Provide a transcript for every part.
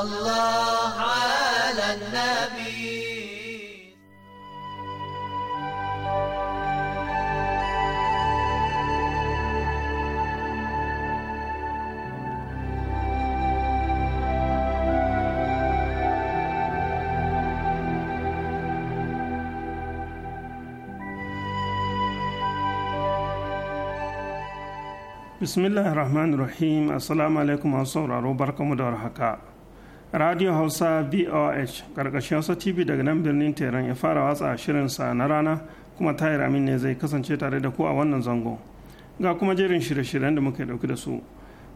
الله على النبي بسم الله الرحمن الرحيم السلام عليكم ورحمه الله وبركاته radio hausa voh karkashin hausa tv daga nan birnin tehran ya fara watsa shirinsa na rana kuma tahir amin ne zai kasance tare da ku a wannan zango ga kuma jerin shirye-shiryen da muka dauki da su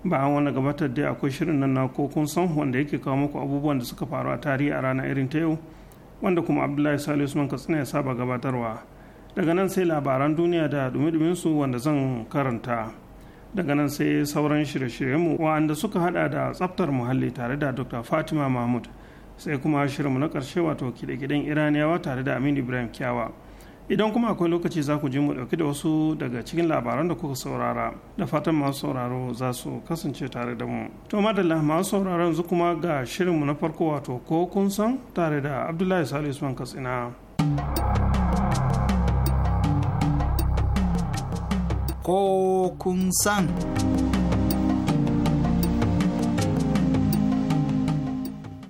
bayan wani gabatar da akwai shirin nan na ko kun san wanda yake kawo muku abubuwan da suka faru a tarihi a rana irin ta yau wanda kuma abdullahi salisu usman katsina ya saba gabatarwa daga nan sai labaran duniya da dumi su wanda zan karanta daga nan sai sauran shirye-shiryenmu wa'anda suka hada da tsaftar muhalli tare da dr fatima mahmud sai kuma shirinmu na ƙarshe wato kide gidan iraniyawa tare da aminu ibrahim kyawa idan kuma akwai lokaci za ku ji mu ɗauki da wasu daga cikin labaran da kuka saurara da fatan masu sauraro za su kasance tare da mu to madalla masu sauraro yanzu kuma ga shirinmu na farko wato ko kun san tare da abdullahi salisu usman katsina ko kun san.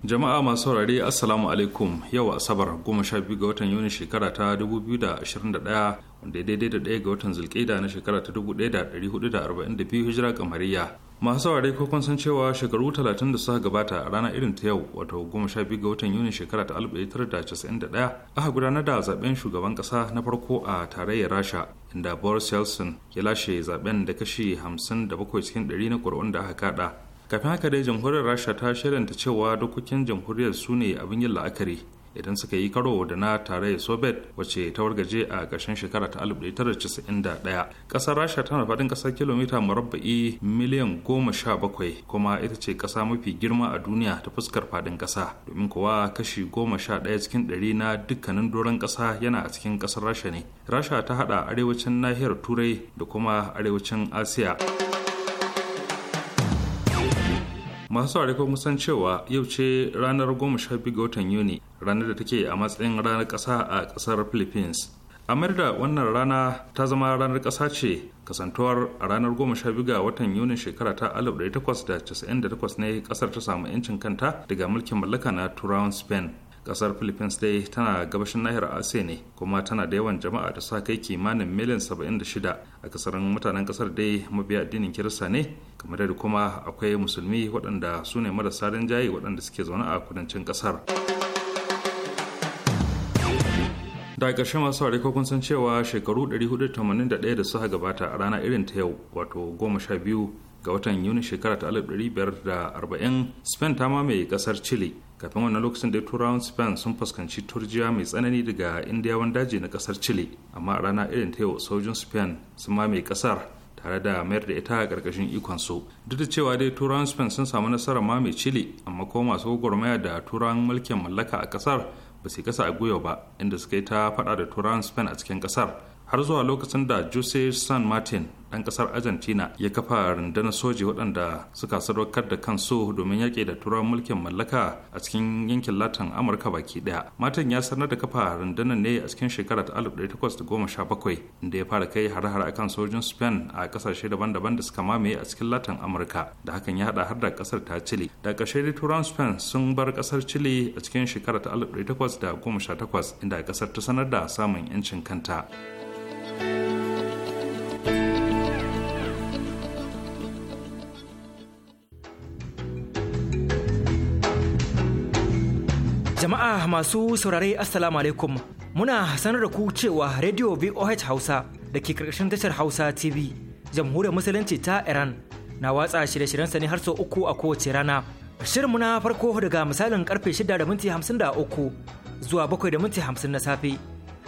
Jama'a masu saurari Assalamu alaikum yau Asabar goma sha biyu ga watan Yuni shekara ta 2021 wanda daidai da ɗaya ga watan Zulƙeda na shekara ta 1442 Hijira kamariya. masu saurare ko kun san cewa shekaru 30 da suka gabata a ranar irin ta yau wato 12 ga watan yuni shekara ta 1991 aka gudanar da zaben shugaban kasa na farko a tarayyar rasha inda boris yeltsin ya lashe zaben da kashi 57 cikin 100 na kuri'un da aka kada kafin haka dai jamhuriyar rasha ta shirinta cewa dokokin jamhuriyar su ne abin yin la'akari idan suka yi karo da na tarayya sobet wace ta wargaje a ƙarshen shekara ta 1991 ƙasar rasha tana faɗin ƙasar kilomita murabba'i miliyan goma sha bakwai kuma ita ce ƙasa mafi girma a duniya ta fuskar faɗin ƙasa domin kowa kashi goma sha ɗaya cikin ɗari na dukkanin doron ƙasa yana a cikin ƙasar rasha ne rasha ta haɗa arewacin nahiyar turai da kuma arewacin asiya masu saurari kuma san cewa yau ce ranar biyu ga watan yuni ranar da take a matsayin ranar kasa a kasar philippines amir da wannan rana ta zama ranar ƙasa ce kasantuwar a ranar biyu ga watan yuni shekara ta 1898 ne ƙasar ta samu 'yancin kanta daga mulkin mallaka na turawan spain kasar philippines dai tana gabashin nahiyar asiya ne kuma tana da yawan jama'a da sa kai kimanin miliyan shida a kasarin mutanen kasar dai mabiya addinin kirista ne kamar da kuma akwai musulmi waɗanda su ne marasa rinjaye waɗanda suke zaune a kudancin kasar daga ƙarshe masu ware kun san cewa shekaru 481 da suka gabata a rana irin ta yau wato 12 ga watan yuni shekara ta 1540 spain ta mamaye kasar chile kafin wannan lokacin da turawan spain sun fuskanci turjiya mai tsanani daga indiyawan daji na kasar chile amma a rana irin ta yau sojin spain sun mamaye kasar tare da mayar da ita karkashin ƙarƙashin ikonsu duk da cewa dai turawan spain sun samu nasarar mamaye chile amma ko masu gwagwarmaya da turawan mulkin mallaka a kasar ba su kasa a gwiwa ba inda suka yi ta faɗa da turawan spain a cikin kasar har zuwa lokacin da jose san martin ɗan ƙasar argentina ya kafa rundunar soji waɗanda suka sadaukar da kansu domin yaƙi da turawan mulkin mallaka a cikin yankin latin amurka baki ɗaya martin ya sanar da kafa rundunar ne a cikin shekarar ta 1817 inda ya fara kai hare-hare akan sojin spain a ƙasashe daban-daban da suka mamaye a cikin latin amurka da hakan ya haɗa har da ƙasar ta chile da ƙarshe da turawan spain sun bar ƙasar chile a cikin shekarar ta 1818 inda ƙasar ta sanar da samun 'yancin kanta. Jama'a masu saurare Assalamu alaikum muna sanar da ku cewa Radio VOH Hausa da ke karkashin tashar Hausa TV jamhuriyar musulunci ta Iran na watsa shirye shiryen ne har sau uku a kowace rana. shirin muna farko daga misalin karfe 6 da minti 53 zuwa 7 da minti 50 na safe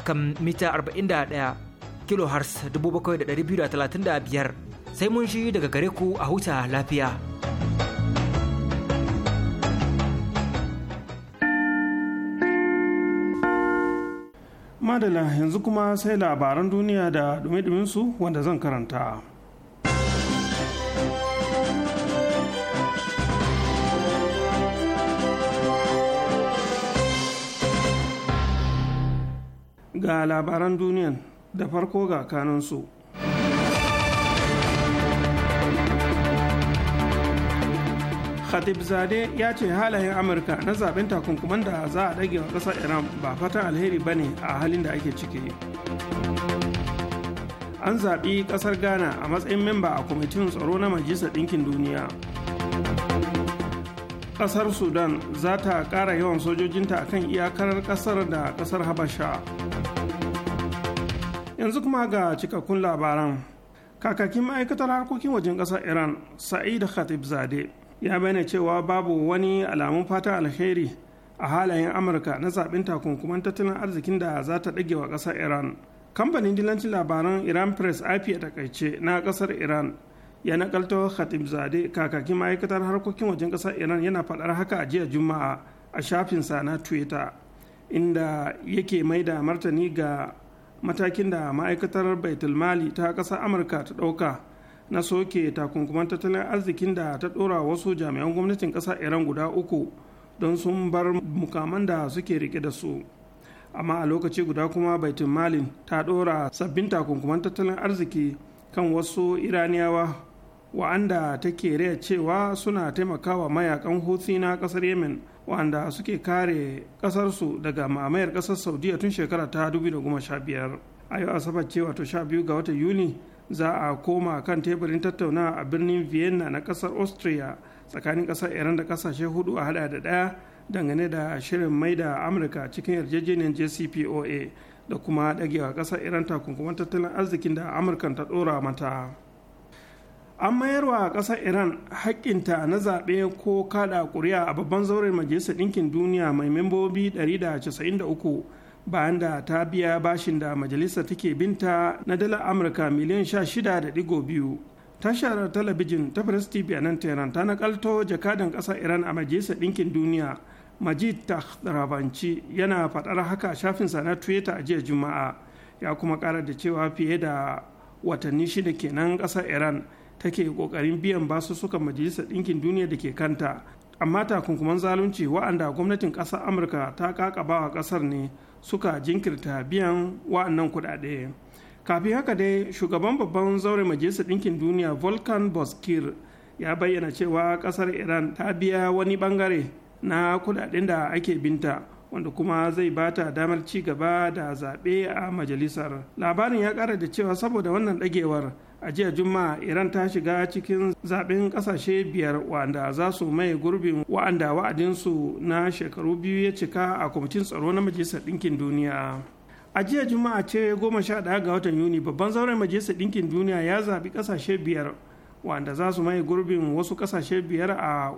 akan mita 41 kilohertz 7,235 sai mun shi daga gare ku a huta lafiya. Madala yanzu kuma sai labaran duniya da dumi su wanda zan karanta. ga labaran duniyan da farko ga kanansu zade ya ce halayen amurka na zaben takunkuman da za a ɗage wa ƙasar iran ba fatan alheri ba ne a halin da ake ciki an zaɓi ƙasar ghana a matsayin memba a kwamitin tsaro na majalisar ɗinkin duniya ƙasar sudan za ta ƙara yawan sojojinta a kan iyakar ƙasar da ƙasar habasha yanzu kuma ga cikakkun labaran kakakin ma'aikatar harkokin wajen ƙasar iran sa'id khatib zade ya bayyana cewa babu wani alamun fata alheri a halayen amurka na zaɓen takunkuman tattalin arzikin da za ta ɗage wa ƙasar iran kamfanin dilancin labaran iran press ip a takaice na ƙasar iran ya nakalto khatib zade kakakin ma'aikatar harkokin wajen ƙasar iran yana faɗar haka a jiya juma'a a shafinsa na twitter inda yake mai da martani ga matakin da ma'aikatar baitulmali ta ƙasar amurka ta ɗauka na soke takunkuman tattalin arzikin da ta ɗora wasu jami'an gwamnatin ƙasar iran guda uku don sun bar mukaman da suke rike da su amma a lokaci guda kuma mali ta ɗora sabbin takunkuman tattalin arziki kan wasu iraniyawa wa'anda take raya cewa suna taimakawa mayakan hutsi na ƙasar yemen wanda suke kare kasarsu daga mamayar kasar saudiya tun shekara ta 2015 a yau asabar ce wato 12 ga watan yuni za a koma kan teburin tattaunawa a birnin vienna na kasar austria tsakanin kasar iran da kasashe hudu a hada da daya dangane da shirin mai da amurka cikin yarjejeniyar jcpoa da kuma dagewa kasar iran takunkuman tattalin arzikin da amurkan ta dora mata an mayar mayarwa ƙasar iran haƙƙinta na zaɓe ko kada ƙuri'a a babban zauren majalisar ɗinkin duniya mai membobi 193 bayan da ta biya bashin da majalisar take binta na dala amurka miliyan 16.2 tashar talabijin ta press tv a nan tehran ta nakalto jakadan ƙasar iran a majalisar ɗinkin duniya majid tahravanci yana faɗar haka shafinsa na twitter a jiya juma'a ya kuma ƙara da cewa fiye da watanni shida kenan ƙasar iran take kokarin biyan basussukan majalisar ɗinkin duniya da ke kanta amma takunkuman zalunci wa'anda gwamnatin ƙasar amurka ta kakaba ƙasar ne suka jinkirta biyan wa'annan kuɗaɗe kafin haka dai shugaban babban zaure majalisar ɗinkin duniya volkan boskir ya bayyana cewa ƙasar iran ta biya wani bangare na kuɗaɗen da ake binta wanda kuma zai bata damar ci gaba da zaɓe a majalisar labarin ya ƙara da cewa saboda wannan ɗagewar a jiya juma'a iran ta shiga cikin zaben kasashe biyar wanda za su mai gurbin wa'anda wa'adinsu na shekaru biyu ya cika a kwamitin tsaro na majalisar ɗinkin duniya a jiya juma'a ce goma sha ɗaya ga watan yuni babban zauren majalisar ɗinkin duniya ya zaɓi ƙasashe biyar wanda za su mai gurbin wasu ƙasashe biyar a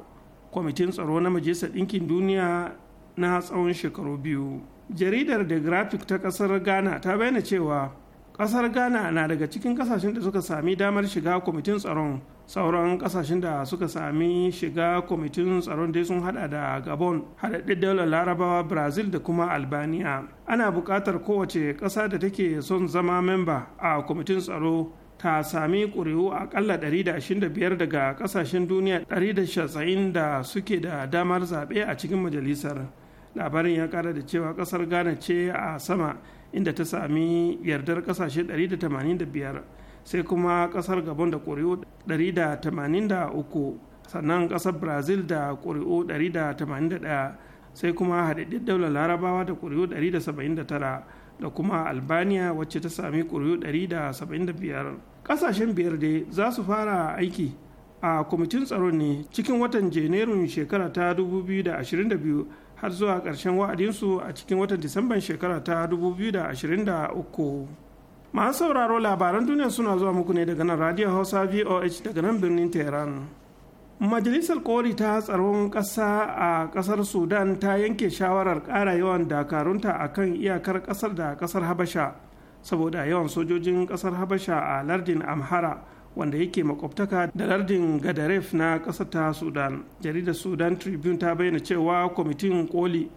kwamitin tsaro na majalisar ɗinkin duniya na tsawon shekaru biyu jaridar the graphic ta ƙasar ghana ta bayyana cewa kasar ghana na daga cikin kasashen da suka sami damar shiga kwamitin tsaron sauran kasashen da suka sami shiga kwamitin tsaron dai sun hada da gabon haɗaɗɗen daular larabawa brazil da kuma albania ana bukatar kowace ƙasa da take son zama memba a kwamitin tsaro ta sami ƙuri'u aƙalla 125 daga ƙasashen duniya 190 da suke da damar zaɓe a cikin majalisar labarin ya ƙara da cewa ƙasar ghana ce a sama inda ta sami yardar kasashe 185 sai kuma kasar gabon da ƙuri'u 183 sannan kasar brazil da ƙuri'u 181 sai kuma haɗaɗɗen daular larabawa da ƙuri'u 179 da kuma albania wacce ta sami ƙuri'u 175 kasashen biyar dai za su fara aiki a kwamitin tsaro ne cikin watan janairun shekara ta 2022 har zuwa ƙarshen wa'adinsu a cikin watan disamban shekara ta 2023 masu sauraro labaran duniya suna zuwa muku ne daga nan radio hausa voh daga nan birnin tehran majalisar kori ta tsaron ƙasa a ƙasar sudan ta yanke shawarar ƙara yawan dakarunta a kan iyakar ƙasar da ƙasar habasha saboda yawan sojojin ƙasar habasha a lardin amhara wanda yake makwabtaka da lardin gadaref na ƙasar ta sudan jaridar sudan tribune ta bayyana cewa kwamitin koli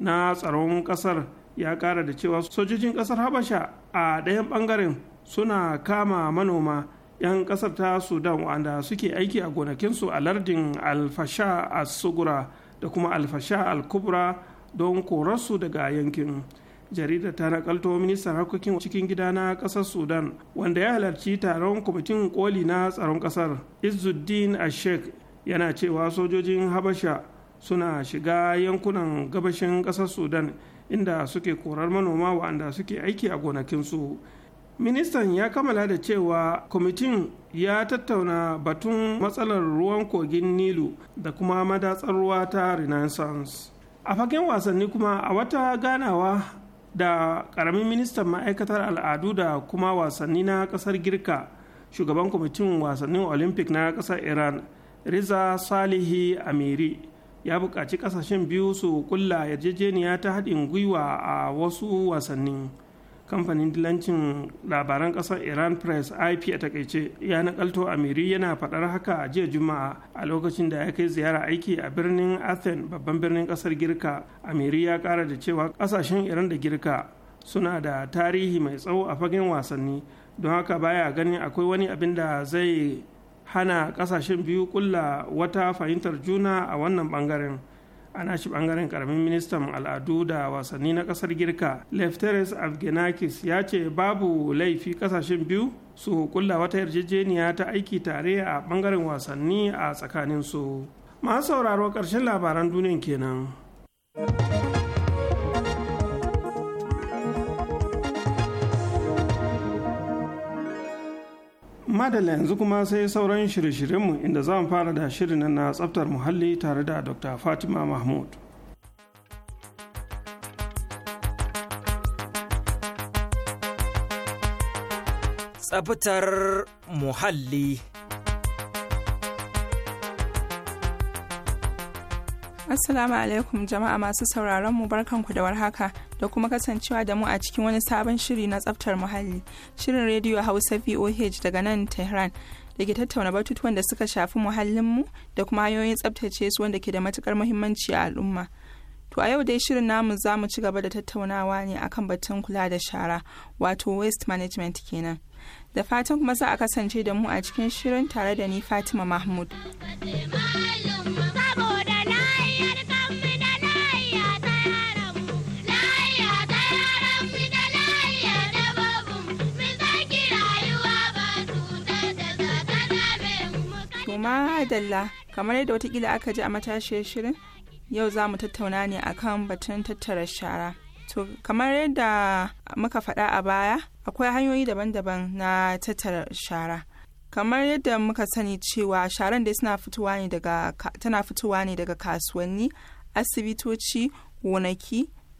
na tsaron ƙasar ya ƙara da cewa sojojin ƙasar habasha a ɗayan ɓangaren suna kama manoma 'yan ƙasar ta sudan wanda suke aiki a gonakinsu a lardin alfasha a sugura da kuma alfasha al-kubra don korarsu daga yankin jaridar ta nakalto ministan harkokin cikin gida na kasar sudan wanda ya halarci taron kwamitin koli na tsaron kasar izuddin ashek yana cewa sojojin habasha suna shiga yankunan gabashin kasar sudan inda suke korar manoma waɗanda suke aiki a gonakinsu ministan ya kammala da cewa kwamitin ya tattauna batun matsalar ruwan kogin nilu da kuma madatsar ruwa ta renaissance a fagen wasanni kuma a wata ganawa da karamin ministan ma'aikatar al'adu da kuma wasanni na kasar girka shugaban kwamitin wasannin olympic na kasar iran riza salihi amiri ya buƙaci ƙasashen biyu su kulla yarjejeniya ta haɗin gwiwa a wasu wasannin kamfanin dilancin labaran kasar iran press ip a takaice ya nakalto amiri yana faɗar haka a jiya juma'a a lokacin da ya kai ziyara aiki a birnin athens babban birnin kasar girka amiri ya kara da cewa kasashen iran da girka suna da tarihi mai tsawo a fagen wasanni don haka baya ganin akwai wani abin da zai hana kasashen biyu kulla wata fahimtar juna a wannan bangaren. ana shi bangaren karamin ministan al'adu da wasanni na kasar girka lefteris afganakis ya ce babu laifi kasashen biyu su kulla wata yarjejeniya ta aiki tare a bangaren wasanni a tsakanin tsakaninsu masu sauraro karshen labaran duniyan kenan. madalla yanzu kuma sai sauran shirye-shiryenmu inda za mu fara da shirin na tsaftar muhalli tare da dr fatima mahmud tsaftar muhalli Assalamu alaikum jama'a masu sauraron mu barkanku da warhaka da kuma kasancewa da mu a cikin wani sabon shiri na tsaftar muhalli. Shirin rediyo Hausa VOH daga nan Tehran da ke tattauna batutuwan da suka shafi muhallinmu da kuma hanyoyin tsaftace su wanda ke da matukar muhimmanci a al'umma. To a yau dai shirin namu za mu ci gaba da tattaunawa ne akan batun kula da shara wato waste management kenan. Da fatan kuma za a kasance da mu a cikin shirin tare da ni Fatima Mahmud. madalla kamar yadda watakila aka ji a matashi shirin yau za mu tattauna ne akan batun tattara shara to kamar yadda muka faɗa a baya akwai hanyoyi daban-daban na tattara shara kamar yadda muka sani cewa sharan dai tana fitowa ne daga kasuwanni asibitoci gonaki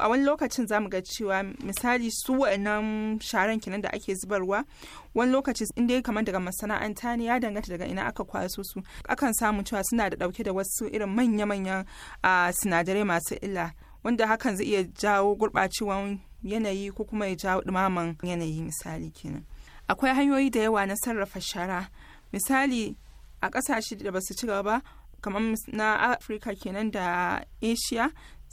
a wani lokacin zamu ga cewa misali su wa'annan sharan kenan da ake zubarwa wani lokacin in dai kamar daga masana'anta ne ya danganta daga ina aka kwaso su akan samu cewa suna da dauke da wasu irin manya-manyan sinadarai masu illa wanda hakan zai iya jawo gurɓacewan yanayi ko kuma ya jawo ɗumaman yanayi misali kenan akwai hanyoyi da yawa na sarrafa shara misali a ƙasashe da basu ci gaba kamar na afirka kenan da asia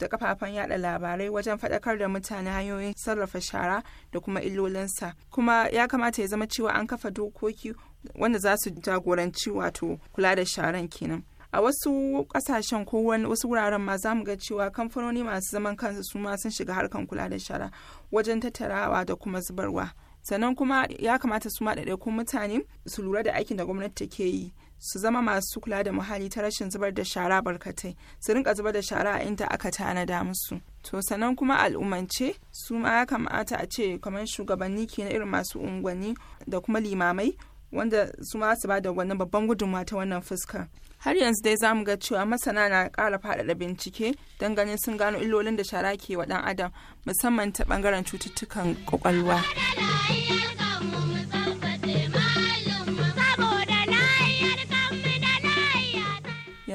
da kafafen yada labarai wajen faɗakar da mutane hanyoyin sarrafa shara da kuma illolinsa kuma ya kamata ya zama cewa an kafa dokoki wanda za su jagoranci wato kula da sharan kenan a wasu kasashen ko wasu wuraren ma za mu ga cewa kamfanoni masu zaman kansu su ma sun shiga harkan kula da shara wajen tattarawa da kuma zubarwa sannan kuma ya kamata su ma ɗaiɗaikun mutane su lura da aikin da gwamnati take yi su zama masu kula da muhalli ta rashin zubar da shara barkatai su rinka zubar da shara a inda aka tanada musu to sannan kuma al'umance su ma ya kamata a ce kamar shugabanni ke na irin masu unguwanni da kuma limamai wanda su ma su ba da wannan babban gudunmawa ta wannan fuska. har yanzu dai za mu ga cewa masana na ƙara faɗaɗa bincike don ganin sun gano illolin da shara ke wa ɗan adam musamman ta ɓangaren cututtukan ƙwaƙwalwa.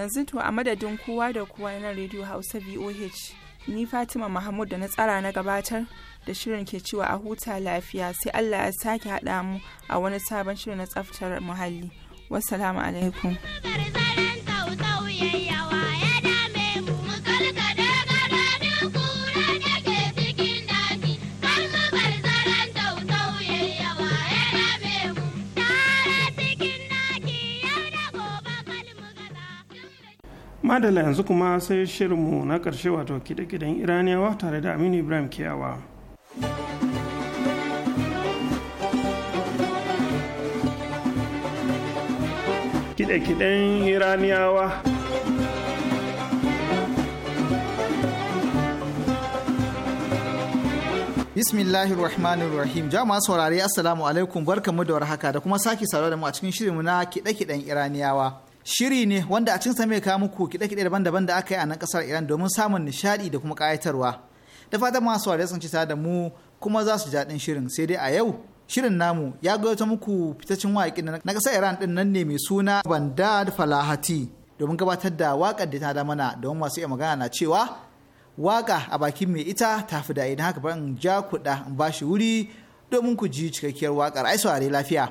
yanzu to a madadin kowa da kowa na radio hausa voh ni fatima mahmud da na tsara na gabatar da shirin ke cewa a huta lafiya sai allah ya sake haɗa mu a wani sabon shirin na tsaftar muhalli wasu alaikum madala yanzu kuma sai shirinmu na ƙarshe wato kide-kiden iraniyawa tare da aminu ibrahim kiyawa kide-kiden Bismillahir Rahmanir Rahim. Jama'a saurari Assalamu alaikum barkamu da warhaka da kuma sake saurare da mu a cikin shirinmu na kide-kiden Iraniyawa. shiri ne wanda a cin mai kawo muku kiɗe-kiɗe daban-daban da aka yi a nan ƙasar Iran domin samun nishaɗi da kuma ƙayatarwa. Da fatan masu wariya sun ci tare da mu kuma za su ji daɗin shirin sai dai a yau shirin namu ya gayyato muku fitaccen waƙin na kasar Iran ɗin nan ne mai suna da Falahati domin gabatar da waƙar da ta da mana domin masu iya magana na cewa waƙa a bakin mai ita ta fi da idan haka ban in ja kuɗa in ba shi wuri domin ku ji cikakkiyar waƙar ai saurare lafiya.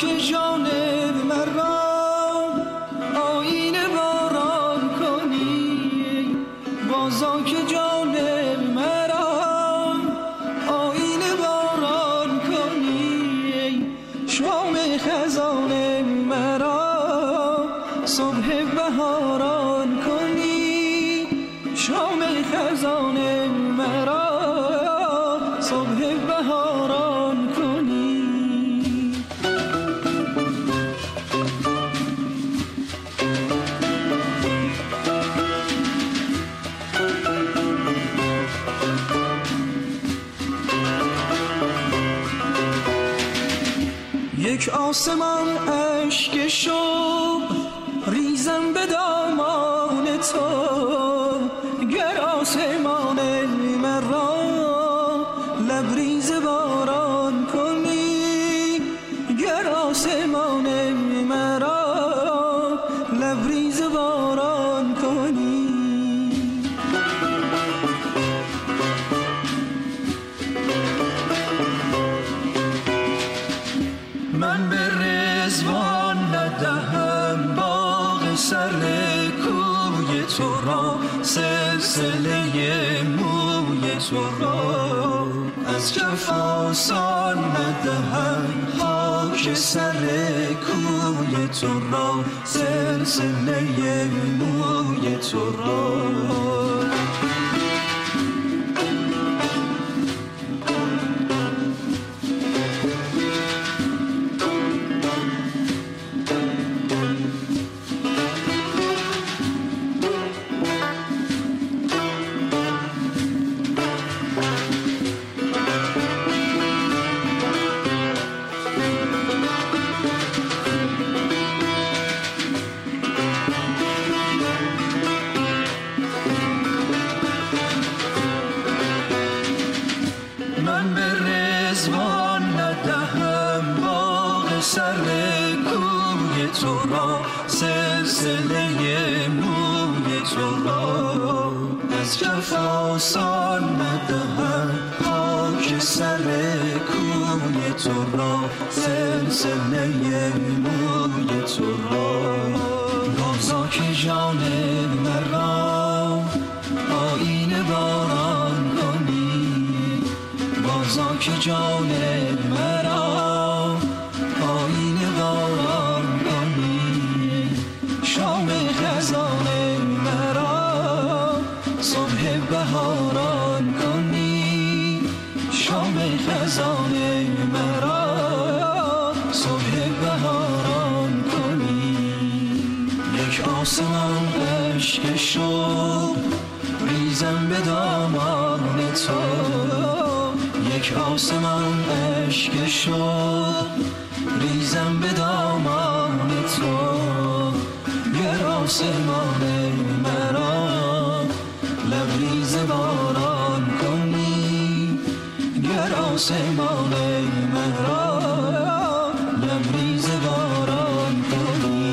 که جانب مرا آین باران کنی بازا که جانب مرا آین باران کنی شام خزان مرا صبح بهاران کنی آسمان اشک شد سر کوی تو را سلسله موی تو را از جفا سان ندهم خاک سر کوی تو را سلسله موی تو را سر کوی تو را سلسله موی تو را از جفا سان ندهن پاک سر کوی تو را سلسله موی تو را که جان مرا آین باران کنی که جان مرا یک آسمان عشق شد ریزم به دامان تو گر آسمان مرا لبریز باران کنی گر آسمان مرا لبریز باران کنی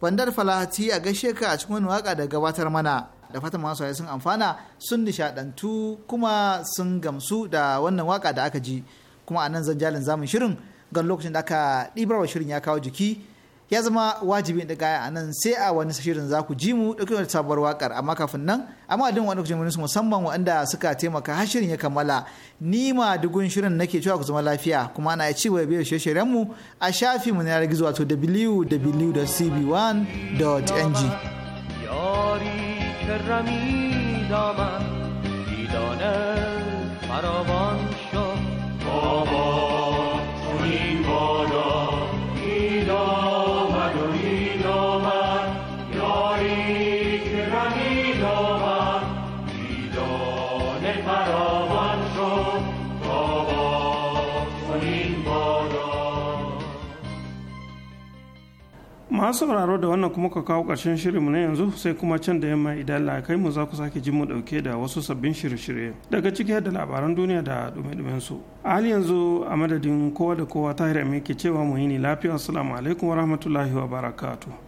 Bandar Falahati a gaishe ka a cikin گواتر da da fatan masu sun amfana sun nishadantu kuma sun gamsu da wannan waka da aka ji kuma a nan zanjalin zamun shirin gan lokacin da aka ɗibarwa shirin ya kawo jiki ya zama wajibi da gaya a nan sai a wani shirin za ku ji mu ɗauki wani sabuwar wakar amma kafin nan amma din wani lokacin wani musamman waɗanda suka taimaka har shirin ya kammala ni ma dugun shirin nake cewa ku zama lafiya kuma ana ci wa biyar shirye mu a shafi mu na gizo wato www.cb1.ng. که رمید آمد دیدانه فراوان masu sauraro da wannan kuma ka kawo ƙarshen shirinmu na yanzu sai kuma can da yamma idan la kai mu za ku sake jin mu ɗauke da wasu sabbin shirye-shirye daga ciki da labaran duniya da dume dumen su a hali yanzu a madadin kowa da kowa tahir ke cewa mu yi ni lafiya assalamu alaikum wa rahmatullahi wa barakatuh